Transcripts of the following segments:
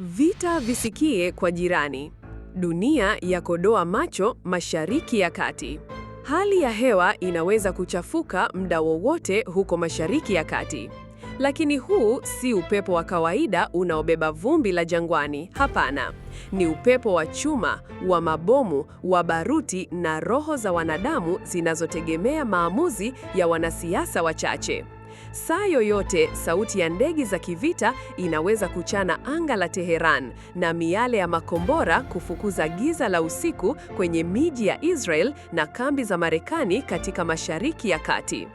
Vita visikie kwa jirani. Dunia yakodoa macho Mashariki ya Kati. Hali ya hewa inaweza kuchafuka muda wowote huko Mashariki ya Kati. Lakini huu si upepo wa kawaida unaobeba vumbi la jangwani. Hapana, ni upepo wa chuma, wa mabomu, wa baruti na roho za wanadamu zinazotegemea maamuzi ya wanasiasa wachache. Saa yoyote sauti ya ndege za kivita inaweza kuchana anga la Teheran na miale ya makombora kufukuza giza la usiku kwenye miji ya Israel na kambi za Marekani katika Mashariki ya Kati.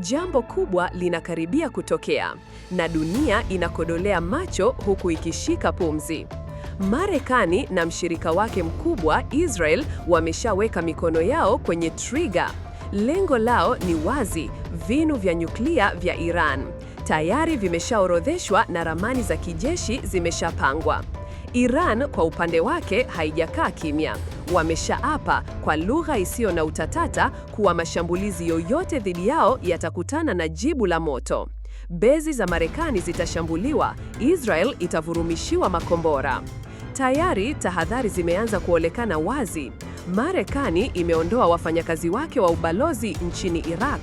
Jambo kubwa linakaribia kutokea na dunia inakodolea macho huku ikishika pumzi. Marekani na mshirika wake mkubwa Israel wameshaweka mikono yao kwenye trigger. Lengo lao ni wazi: vinu vya nyuklia vya Iran tayari vimeshaorodheshwa na ramani za kijeshi zimeshapangwa. Iran kwa upande wake haijakaa kimya. Wameshaapa kwa lugha isiyo na utatata kuwa mashambulizi yoyote dhidi yao yatakutana na jibu la moto. Bezi za Marekani zitashambuliwa, Israel itavurumishiwa makombora. Tayari tahadhari zimeanza kuonekana wazi. Marekani imeondoa wafanyakazi wake wa ubalozi nchini Iraq.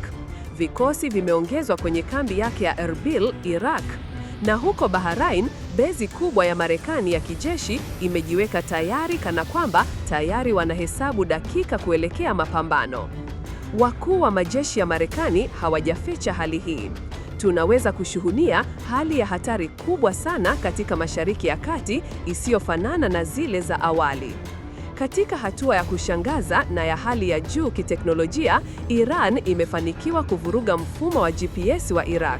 Vikosi vimeongezwa kwenye kambi yake ya Erbil, Iraq. Na huko Bahrain, bezi kubwa ya Marekani ya kijeshi imejiweka tayari kana kwamba tayari wanahesabu dakika kuelekea mapambano. Wakuu wa majeshi ya Marekani hawajaficha hali hii. Tunaweza kushuhudia hali ya hatari kubwa sana katika Mashariki ya Kati isiyofanana na zile za awali. Katika hatua ya kushangaza na ya hali ya juu kiteknolojia, Iran imefanikiwa kuvuruga mfumo wa GPS wa Iraq.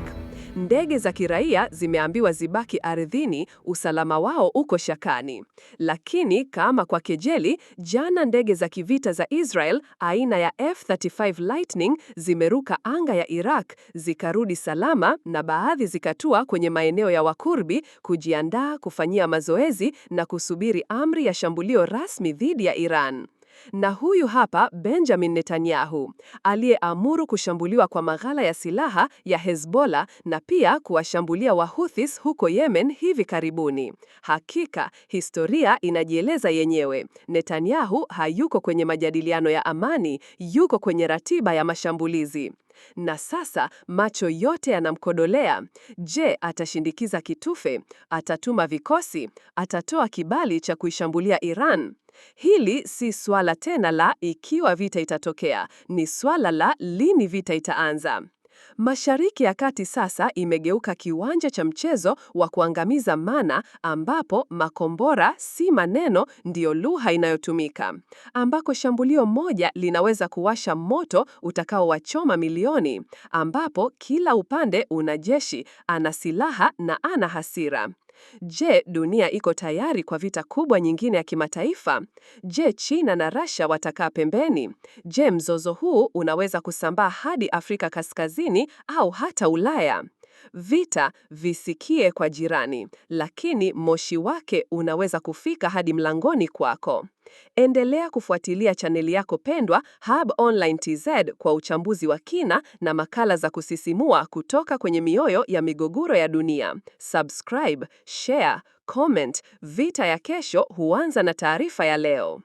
Ndege za kiraia zimeambiwa zibaki ardhini, usalama wao uko shakani. Lakini kama kwa kejeli, jana ndege za kivita za Israel aina ya F-35 Lightning zimeruka anga ya Iraq, zikarudi salama na baadhi zikatua kwenye maeneo ya wakurbi kujiandaa kufanyia mazoezi na kusubiri amri ya shambulio rasmi dhidi ya Iran. Na huyu hapa Benjamin Netanyahu aliyeamuru kushambuliwa kwa maghala ya silaha ya Hezbollah na pia kuwashambulia Wahuthis huko Yemen hivi karibuni. Hakika historia inajieleza yenyewe. Netanyahu hayuko kwenye majadiliano ya amani, yuko kwenye ratiba ya mashambulizi na sasa macho yote yanamkodolea. Je, atashindikiza kitufe? Atatuma vikosi? Atatoa kibali cha kuishambulia Iran? Hili si swala tena la ikiwa vita itatokea, ni swala la lini vita itaanza. Mashariki ya Kati sasa imegeuka kiwanja cha mchezo wa kuangamiza mana ambapo makombora si maneno, ndiyo lugha inayotumika, ambako shambulio moja linaweza kuwasha moto utakaowachoma milioni, ambapo kila upande una jeshi, ana silaha na ana hasira. Je, dunia iko tayari kwa vita kubwa nyingine ya kimataifa? Je, China na Russia watakaa pembeni? Je, mzozo huu unaweza kusambaa hadi Afrika Kaskazini au hata Ulaya? Vita visikie kwa jirani, lakini moshi wake unaweza kufika hadi mlangoni kwako. Endelea kufuatilia chaneli yako pendwa Hub Online TZ kwa uchambuzi wa kina na makala za kusisimua kutoka kwenye mioyo ya migogoro ya dunia. Subscribe, share, comment. Vita ya kesho huanza na taarifa ya leo.